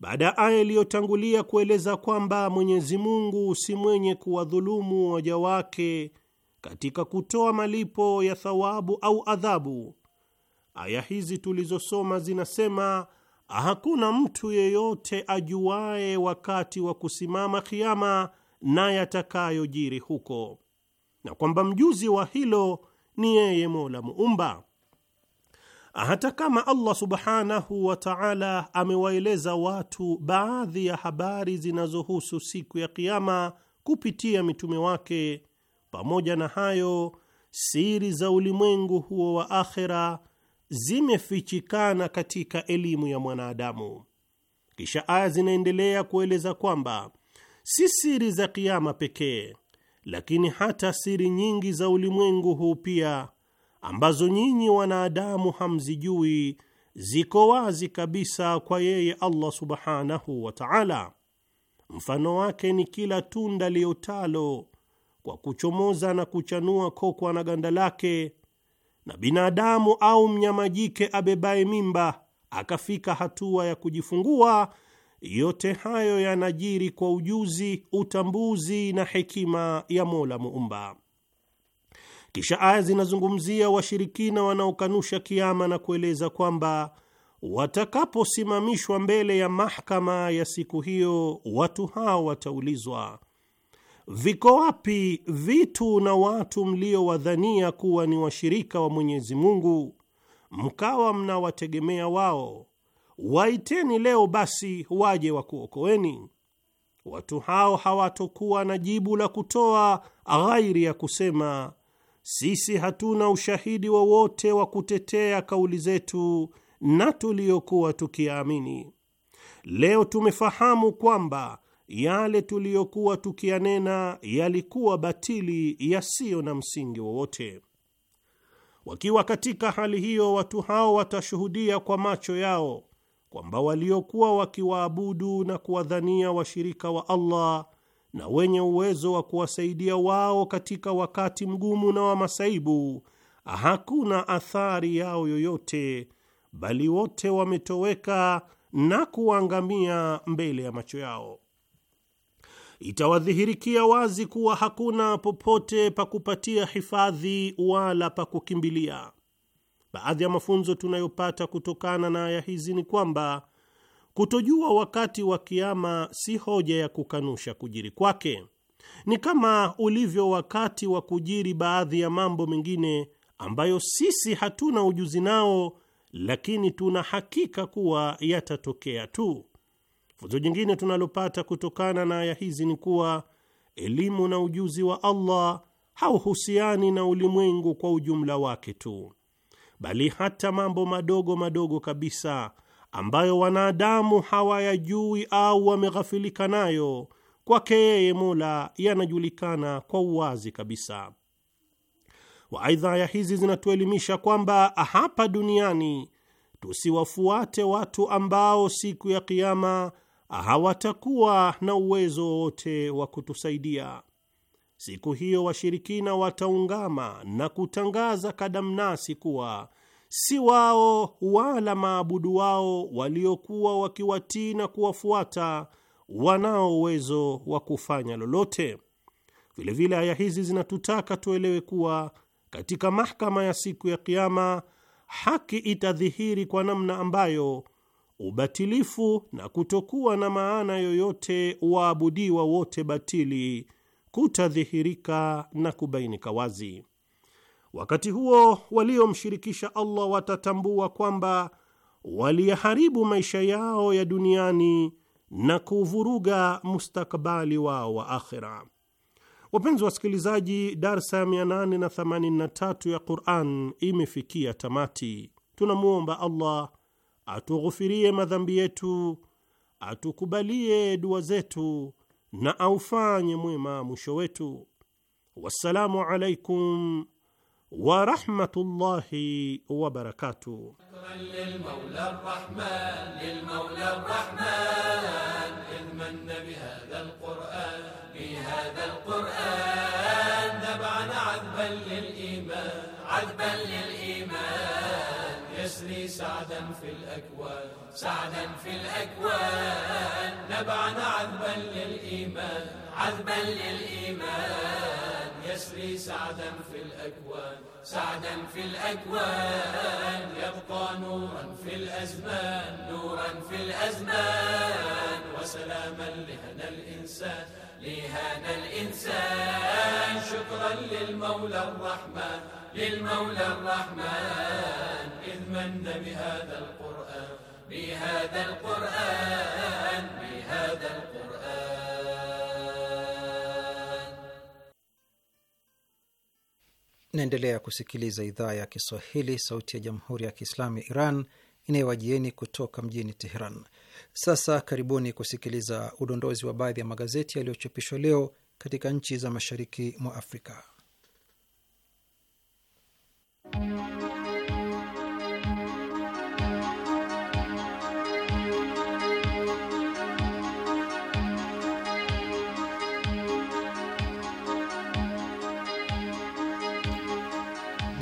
Baada ya aya iliyotangulia kueleza kwamba Mwenyezi Mungu si mwenye kuwadhulumu waja wake katika kutoa malipo ya thawabu au adhabu, aya hizi tulizosoma zinasema hakuna mtu yeyote ajuaye wakati wa kusimama kiama na yatakayojiri huko, na kwamba mjuzi wa hilo ni yeye Mola Muumba. Hata kama Allah subhanahu wa ta'ala amewaeleza watu baadhi ya habari zinazohusu siku ya kiama kupitia mitume wake, pamoja na hayo siri za ulimwengu huo wa akhera zimefichikana katika elimu ya mwanadamu. Kisha aya zinaendelea kueleza kwamba si siri za kiama pekee, lakini hata siri nyingi za ulimwengu huu pia, ambazo nyinyi wanadamu hamzijui, ziko wazi kabisa kwa yeye Allah subhanahu wa ta'ala. Mfano wake ni kila tunda liotalo kwa kuchomoza na kuchanua kokwa na ganda lake na binadamu au mnyama jike abebaye mimba akafika hatua ya kujifungua, yote hayo yanajiri kwa ujuzi, utambuzi na hekima ya Mola Muumba. Kisha aya zinazungumzia washirikina wanaokanusha kiama na kueleza kwamba watakaposimamishwa mbele ya mahakama ya siku hiyo, watu hao wataulizwa Viko wapi vitu na watu mliowadhania kuwa ni washirika wa Mwenyezi Mungu, mkawa mnawategemea wao? Waiteni leo basi waje wakuokoeni. Watu hao hawatokuwa na jibu la kutoa ghairi ya kusema sisi hatuna ushahidi wowote wa, wa kutetea kauli zetu na tuliyokuwa tukiamini. Leo tumefahamu kwamba yale tuliyokuwa tukianena yalikuwa batili yasiyo na msingi wowote. Wakiwa katika hali hiyo, watu hao watashuhudia kwa macho yao kwamba waliokuwa wakiwaabudu na kuwadhania washirika wa Allah na wenye uwezo wa kuwasaidia wao katika wakati mgumu na wa masaibu, hakuna athari yao yoyote, bali wote wametoweka na kuangamia mbele ya macho yao itawadhihirikia wazi kuwa hakuna popote pa kupatia hifadhi wala pa kukimbilia. Baadhi ya mafunzo tunayopata kutokana na aya hizi ni kwamba kutojua wakati wa kiama si hoja ya kukanusha kujiri kwake. Ni kama ulivyo wakati wa kujiri baadhi ya mambo mengine ambayo sisi hatuna ujuzi nao, lakini tuna hakika kuwa yatatokea tu. Funzo jingine tunalopata kutokana na aya hizi ni kuwa elimu na ujuzi wa Allah hauhusiani na ulimwengu kwa ujumla wake tu, bali hata mambo madogo madogo kabisa ambayo wanadamu hawayajui au wameghafilika nayo, kwake yeye Mola yanajulikana kwa uwazi kabisa. Waaidha, aya hizi zinatuelimisha kwamba hapa duniani tusiwafuate watu ambao siku ya Kiama hawatakuwa na uwezo wowote wa kutusaidia. Siku hiyo washirikina wataungama na kutangaza kadamnasi kuwa si wao wala maabudu wao waliokuwa wakiwatii na kuwafuata wanao uwezo wa kufanya lolote. Vilevile aya hizi zinatutaka tuelewe kuwa katika mahakama ya siku ya Kiama haki itadhihiri kwa namna ambayo ubatilifu na kutokuwa na maana yoyote waabudiwa wote batili kutadhihirika na kubainika wazi. Wakati huo waliomshirikisha Allah watatambua kwamba waliyaharibu maisha yao ya duniani na kuvuruga mustakabali wao wa akhira. Wapenzi wasikilizaji, darsa ya 883 ya Quran imefikia tamati. Tunamwomba Allah atughufirie madhambi yetu, atukubalie dua zetu na aufanye mwema mwisho wetu. Wassalamu alaikum wa rahmatullahi wa barakatuh.
عذبا للإيمان أنس سعدا في الأكوان سعدا في الأكوان نبعا عذبا للإيمان عذبا للإيمان يسري سعدا في الأكوان سعدا في الأكوان يبقى نورا في الأزمان نورا في الأزمان وسلاما لهنا الإنسان لهذا الإنسان شكرا للمولى الرحمن للمولى الرحمن إذ من بهذا القرآن بهذا
القرآن بهذا
Naendelea kusikiliza idhaa ya Kiswahili, sauti ya jamhuri ya kiislamu ya Iran inayowajieni kutoka mjini Teheran. Sasa karibuni kusikiliza udondozi wa baadhi ya magazeti yaliyochapishwa leo katika nchi za mashariki mwa Afrika.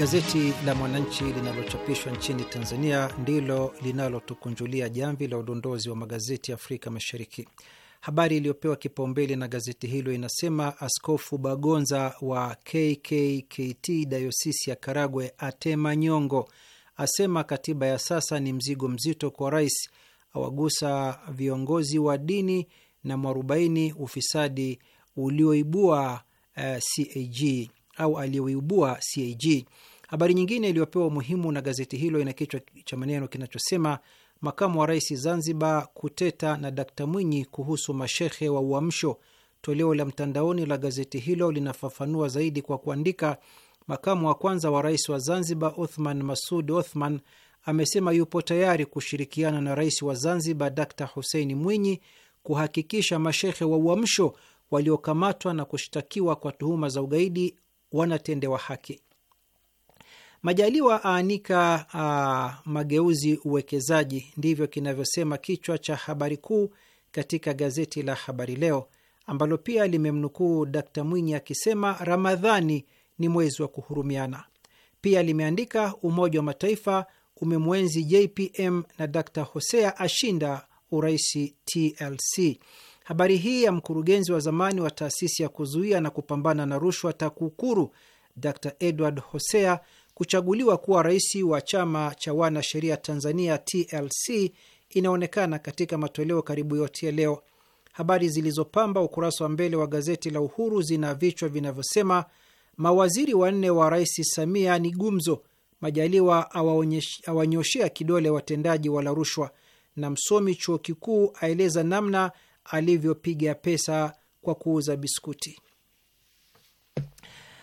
Gazeti la Mwananchi linalochapishwa nchini Tanzania ndilo linalotukunjulia jamvi la udondozi wa magazeti ya Afrika Mashariki. Habari iliyopewa kipaumbele na gazeti hilo inasema Askofu Bagonza wa KKKT dayosisi ya Karagwe atema nyongo, asema katiba ya sasa ni mzigo mzito kwa rais, awagusa viongozi wa dini na mwarobaini ufisadi ulioibua uh, eh, CAG au aliyoibua CAG. Habari nyingine iliyopewa umuhimu na gazeti hilo ina kichwa cha maneno kinachosema makamu wa rais Zanzibar kuteta na Dkt Mwinyi kuhusu mashehe wa Uamsho. Toleo la mtandaoni la gazeti hilo linafafanua zaidi kwa kuandika, makamu wa kwanza wa rais wa Zanzibar Othman Masud Othman amesema yupo tayari kushirikiana na rais wa Zanzibar Dkt Huseini Mwinyi kuhakikisha mashehe wa Uamsho waliokamatwa na kushtakiwa kwa tuhuma za ugaidi wanatendewa haki. Majaliwa aanika a, ah, mageuzi uwekezaji, ndivyo kinavyosema kichwa cha habari kuu katika gazeti la Habari Leo ambalo pia limemnukuu Dkt Mwinyi akisema Ramadhani ni mwezi wa kuhurumiana. Pia limeandika Umoja wa Mataifa umemwenzi JPM na Dkt Hosea ashinda uraisi TLC. Habari hii ya mkurugenzi wa zamani wa taasisi ya kuzuia na kupambana na rushwa TAKUKURU d Edward Hosea kuchaguliwa kuwa rais wa chama cha wanasheria Tanzania TLC inaonekana katika matoleo karibu yote ya leo. Habari zilizopamba ukurasa wa mbele wa gazeti la Uhuru zina vichwa vinavyosema mawaziri wanne wa Rais Samia ni gumzo, Majaliwa awanyoshea kidole watendaji wala rushwa, na msomi chuo kikuu aeleza namna alivyopiga pesa kwa kuuza biskuti.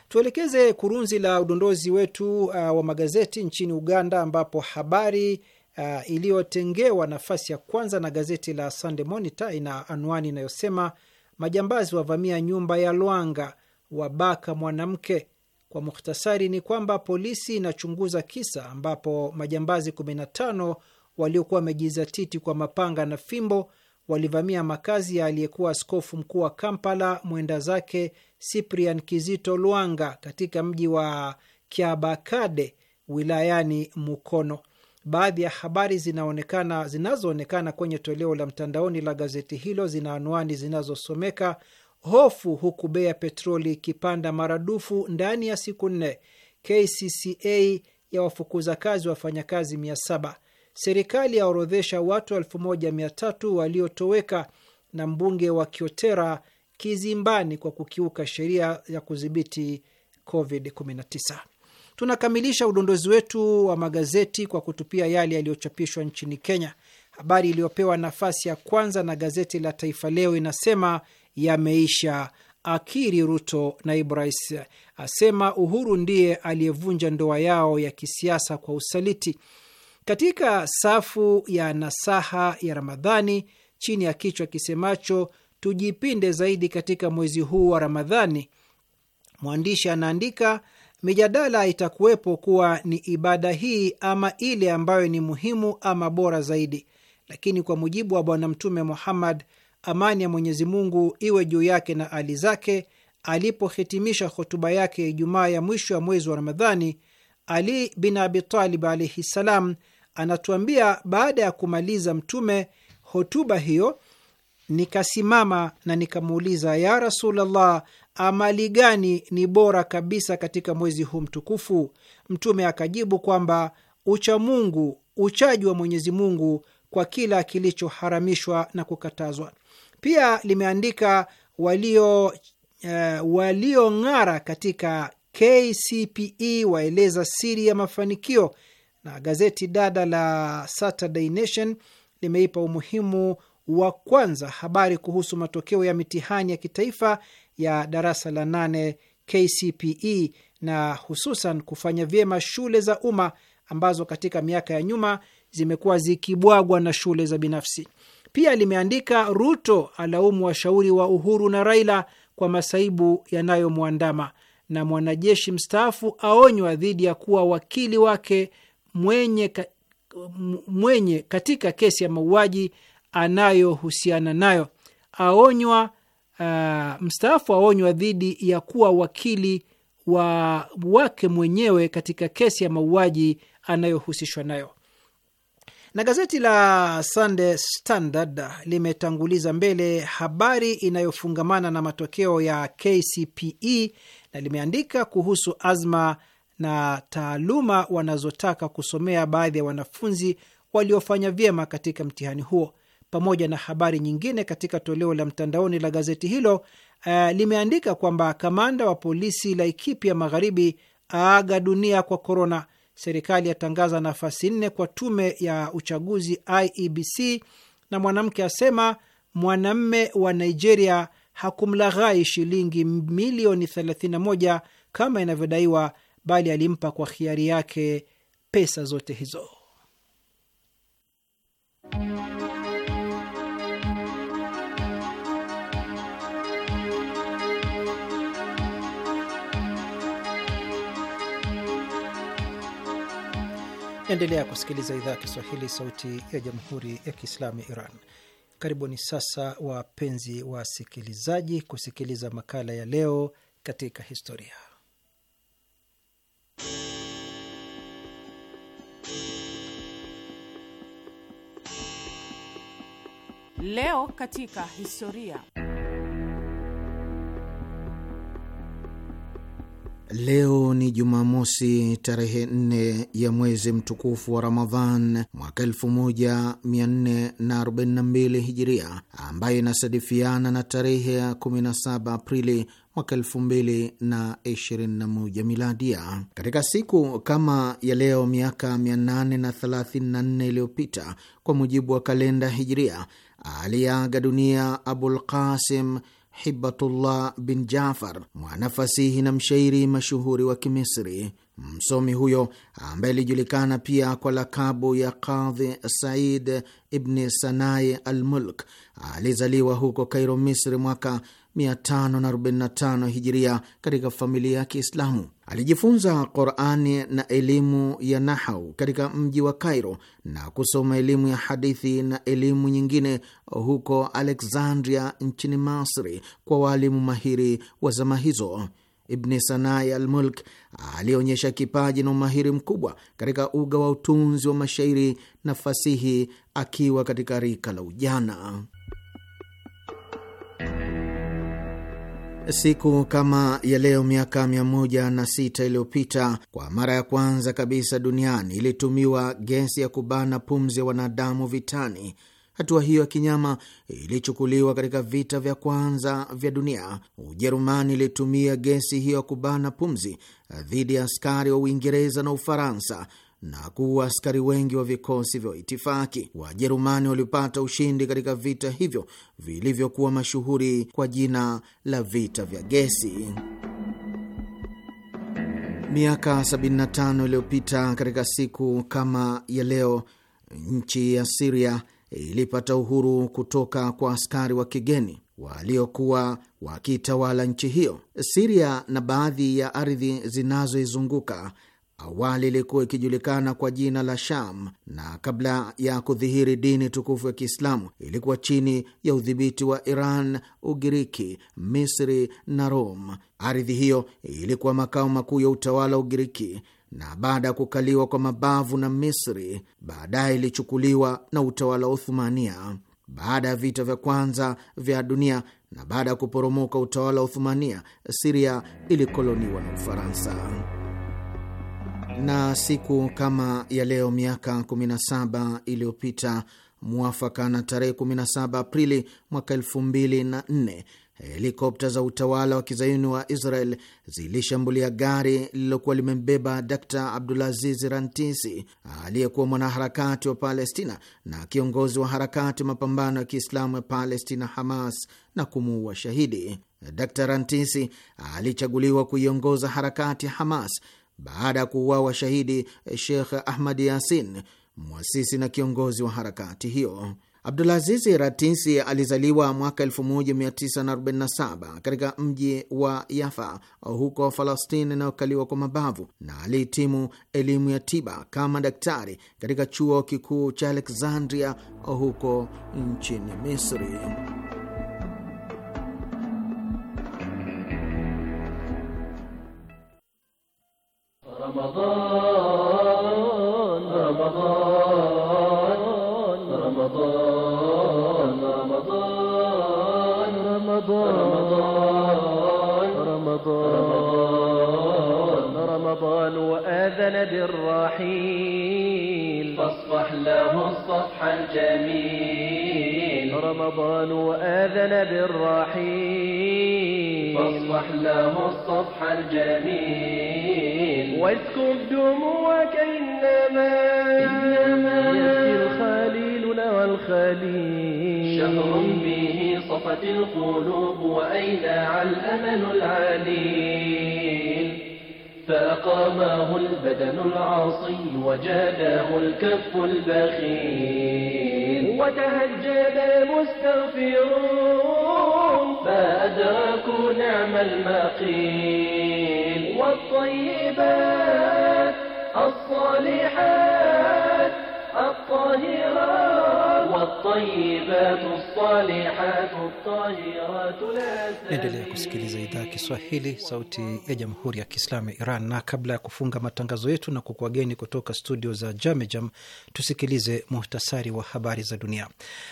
Tuelekeze kurunzi la udondozi wetu uh, wa magazeti nchini Uganda, ambapo habari uh, iliyotengewa nafasi ya kwanza na gazeti la Sunday Monitor ina anwani inayosema majambazi wavamia nyumba ya Lwanga, wabaka mwanamke. Kwa muhtasari, ni kwamba polisi inachunguza kisa ambapo majambazi 15 waliokuwa wamejizatiti kwa mapanga na fimbo walivamia makazi ya aliyekuwa askofu mkuu wa Kampala mwenda zake Cyprian Kizito Lwanga katika mji wa Kyabakade wilayani Mukono. Baadhi ya habari zinaonekana zinazoonekana kwenye toleo la mtandaoni la gazeti hilo zina anwani zinazosomeka hofu huku bei ya petroli ikipanda maradufu ndani ya siku nne, KCCA ya wafukuza kazi wafanyakazi mia saba serikali yaorodhesha watu 13 waliotoweka na mbunge wa Kiotera kizimbani kwa kukiuka sheria ya kudhibiti COVID-19. Tunakamilisha udondozi wetu wa magazeti kwa kutupia yale yaliyochapishwa nchini Kenya. Habari iliyopewa nafasi ya kwanza na gazeti la Taifa Leo inasema yameisha, akiri Ruto naibu rais, asema Uhuru ndiye aliyevunja ndoa yao ya kisiasa kwa usaliti. Katika safu ya nasaha ya Ramadhani chini ya kichwa kisemacho tujipinde zaidi katika mwezi huu wa Ramadhani, mwandishi anaandika, mijadala itakuwepo kuwa ni ibada hii ama ile ambayo ni muhimu ama bora zaidi, lakini kwa mujibu wa Bwana Mtume Muhammad, amani ya Mwenyezi Mungu iwe juu yake na ali zake, alipohitimisha hotuba yake ya Ijumaa ya mwisho ya mwezi wa Ramadhani, Ali bin Abi Talib alaihi ssalam Anatuambia baada ya kumaliza Mtume hotuba hiyo, nikasimama na nikamuuliza, ya Rasulullah, amali gani ni bora kabisa katika mwezi huu mtukufu? Mtume akajibu kwamba uchamungu, uchaji wa Mwenyezi Mungu kwa kila kilichoharamishwa na kukatazwa. Pia limeandika walio uh, waliong'ara katika KCPE waeleza siri ya mafanikio na gazeti dada la Saturday Nation limeipa umuhimu wa kwanza habari kuhusu matokeo ya mitihani ya kitaifa ya darasa la nane KCPE na hususan kufanya vyema shule za umma ambazo katika miaka ya nyuma zimekuwa zikibwagwa na shule za binafsi. Pia limeandika Ruto alaumu washauri wa Uhuru na Raila kwa masaibu yanayomwandama, na mwanajeshi mstaafu aonywa dhidi ya kuwa wakili wake mwenye, ka, mwenye katika kesi ya mauaji anayohusiana nayo aonywa. Uh, mstaafu aonywa dhidi ya kuwa wakili wa wake mwenyewe katika kesi ya mauaji anayohusishwa nayo. Na gazeti la Sunday Standard limetanguliza mbele habari inayofungamana na matokeo ya KCPE na limeandika kuhusu azma na taaluma wanazotaka kusomea baadhi ya wanafunzi waliofanya vyema katika mtihani huo. Pamoja na habari nyingine katika toleo la mtandaoni la gazeti hilo, uh, limeandika kwamba kamanda wa polisi la ya Magharibi aaga dunia kwa korona. Serikali yatangaza nafasi nne kwa tume ya uchaguzi IEBC, na mwanamke asema mwanamme wa Nigeria hakumlaghai shilingi milioni 31 kama inavyodaiwa bali alimpa kwa khiari yake pesa zote hizo. Endelea kusikiliza idhaa ya Kiswahili, sauti ya jamhuri ya kiislamu ya Iran. Karibuni sasa, wapenzi wasikilizaji, kusikiliza makala ya leo katika historia
Leo katika historia.
Leo ni Jumamosi, tarehe nne ya mwezi mtukufu wa Ramadhan mwaka 1442 Hijiria, ambayo inasadifiana na tarehe ya 17 Aprili mwaka moja Miladia. Katika siku kama ya leo miaka nne iliyopita, kwa mujibu wa kalenda Hijiria, aliyeaga dunia Abul Qasim Hibatullah bin Jafar, mwanafasihi na mshairi mashuhuri wa Kimisri. Msomi huyo ambaye alijulikana pia kwa lakabu ya Qadhi Said Ibni Sanai al Mulk alizaliwa huko Kairo, Misri, mwaka 545 hijiria katika familia ya Kiislamu. Alijifunza Qurani na elimu ya nahau katika mji wa Kairo na kusoma elimu ya hadithi na elimu nyingine huko Alexandria nchini Masri kwa waalimu mahiri wa zama hizo. Ibni Sanai Almulk alionyesha kipaji na umahiri mkubwa katika uga wa utunzi wa mashairi na fasihi akiwa katika rika la ujana. Siku kama ya leo miaka mia moja na sita iliyopita kwa mara ya kwanza kabisa duniani ilitumiwa gesi ya kubana pumzi ya wanadamu vitani. Hatua hiyo ya kinyama ilichukuliwa katika vita vya kwanza vya dunia. Ujerumani ilitumia gesi hiyo ya kubana pumzi dhidi ya askari wa Uingereza na Ufaransa na kuua askari wengi wa vikosi vya Itifaki. Wajerumani walipata ushindi katika vita hivyo vilivyokuwa mashuhuri kwa jina la vita vya gesi. Miaka 75 iliyopita katika siku kama ya leo, nchi ya Siria ilipata uhuru kutoka kwa askari wa kigeni waliokuwa wakitawala nchi hiyo. Siria na baadhi ya ardhi zinazoizunguka awali ilikuwa ikijulikana kwa jina la Sham na kabla ya kudhihiri dini tukufu ya Kiislamu ilikuwa chini ya udhibiti wa Iran, Ugiriki, Misri na Rome. Ardhi hiyo ilikuwa makao makuu ya utawala wa Ugiriki na baada ya kukaliwa kwa mabavu na Misri, baadaye ilichukuliwa na utawala wa Uthumania. Baada ya vita vya kwanza vya dunia na baada ya kuporomoka utawala wa Uthumania, Siria ilikoloniwa na Ufaransa. Na siku kama ya leo miaka 17 iliyopita mwafaka na tarehe 17 Aprili mwaka 2004 helikopta za utawala wa kizayuni wa Israel zilishambulia gari lililokuwa limembeba Dkta Abdulaziz Rantisi aliyekuwa mwanaharakati wa Palestina na kiongozi wa harakati mapambano ya Kiislamu ya Palestina, Hamas, na kumuua shahidi. Dkta Rantisi alichaguliwa kuiongoza harakati ya Hamas baada ya kuuawa shahidi eh, Shekh Ahmad Yasin, mwasisi na kiongozi wa harakati hiyo. Abdulazizi Ratisi alizaliwa mwaka 1947 katika mji wa Yafa huko Falastini inayokaliwa kwa mabavu, na alihitimu elimu ya tiba kama daktari katika chuo kikuu cha Alexandria huko
nchini Misri.
رمضان رمضان رمضان رمضان
رمضان رمضان رمضان وآذن
بالرحيل فاصفح له الصفح الجميل رمضان وآذن بالرحيل فاصفح
له الصفح الجميل
واسكب دموعك إنما يبكي الخليل والخليل
شهر به صفت القلوب وأيلع الأمل العليل فأقامه البدن العاصي وجاداه الكف البخيل وتهجد
مستغفرون فأدركوا نعم المقيل والطيبات الصالحات الطاهرات والطيبات
الصالحات الطاهرات
Naendelea kusikiliza
idhaa ya Kiswahili, sauti ya jamhuri ya kiislamu ya Iran. Na kabla ya kufunga matangazo yetu na kukuageni kutoka studio za Jamejam, tusikilize muhtasari wa habari za dunia.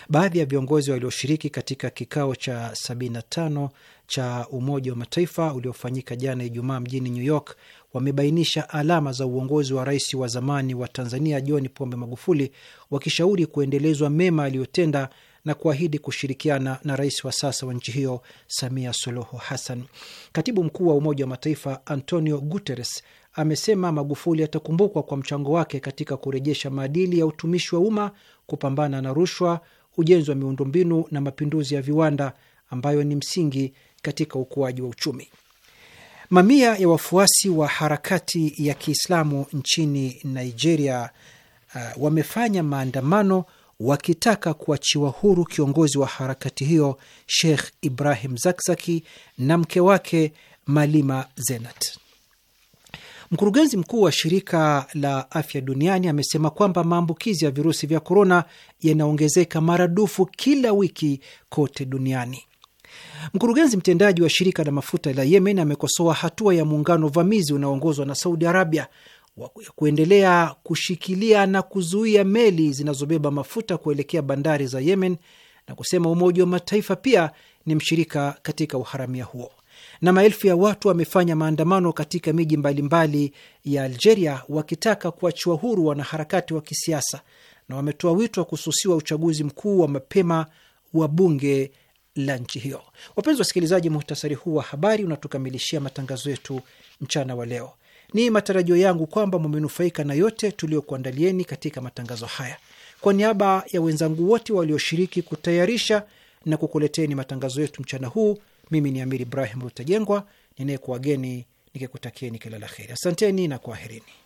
Baadhi ya viongozi walioshiriki katika kikao cha 75 cha Umoja wa Mataifa uliofanyika jana Ijumaa mjini New York wamebainisha alama za uongozi wa rais wa zamani wa Tanzania John Pombe Magufuli, wakishauri kuendelezwa mema aliyotenda na kuahidi kushirikiana na rais wa sasa wa nchi hiyo Samia Suluhu Hassan. Katibu mkuu wa Umoja wa Mataifa Antonio Guterres amesema Magufuli atakumbukwa kwa mchango wake katika kurejesha maadili ya utumishi wa umma, kupambana na rushwa, ujenzi wa miundombinu na mapinduzi ya viwanda ambayo ni msingi katika ukuaji wa uchumi. Mamia ya wafuasi wa harakati ya Kiislamu nchini Nigeria uh, wamefanya maandamano wakitaka kuachiwa huru kiongozi wa harakati hiyo Sheikh Ibrahim Zakzaki na mke wake Malima Zenat. Mkurugenzi mkuu wa shirika la afya duniani amesema kwamba maambukizi ya virusi vya korona yanaongezeka maradufu kila wiki kote duniani. Mkurugenzi mtendaji wa shirika la mafuta la Yemen amekosoa hatua ya muungano vamizi unaoongozwa na Saudi Arabia wa kuendelea kushikilia na kuzuia meli zinazobeba mafuta kuelekea bandari za Yemen na kusema Umoja wa Mataifa pia ni mshirika katika uharamia huo. Na maelfu ya watu wamefanya maandamano katika miji mbalimbali ya Algeria wakitaka kuachiwa huru wanaharakati wa kisiasa na wametoa wito wa kususiwa uchaguzi mkuu wa mapema wa bunge la nchi hiyo. Wapenzi wasikilizaji, muhtasari huu wa habari unatukamilishia matangazo yetu mchana wa leo. Ni matarajio yangu kwamba mumenufaika na yote tuliyokuandalieni katika matangazo haya. Kwa niaba ya wenzangu wote walioshiriki kutayarisha na kukuleteni matangazo yetu mchana huu, mimi ni Amiri Ibrahim Rutajengwa ninayekuwageni nikikutakieni kila la heri. Asanteni na kwaherini.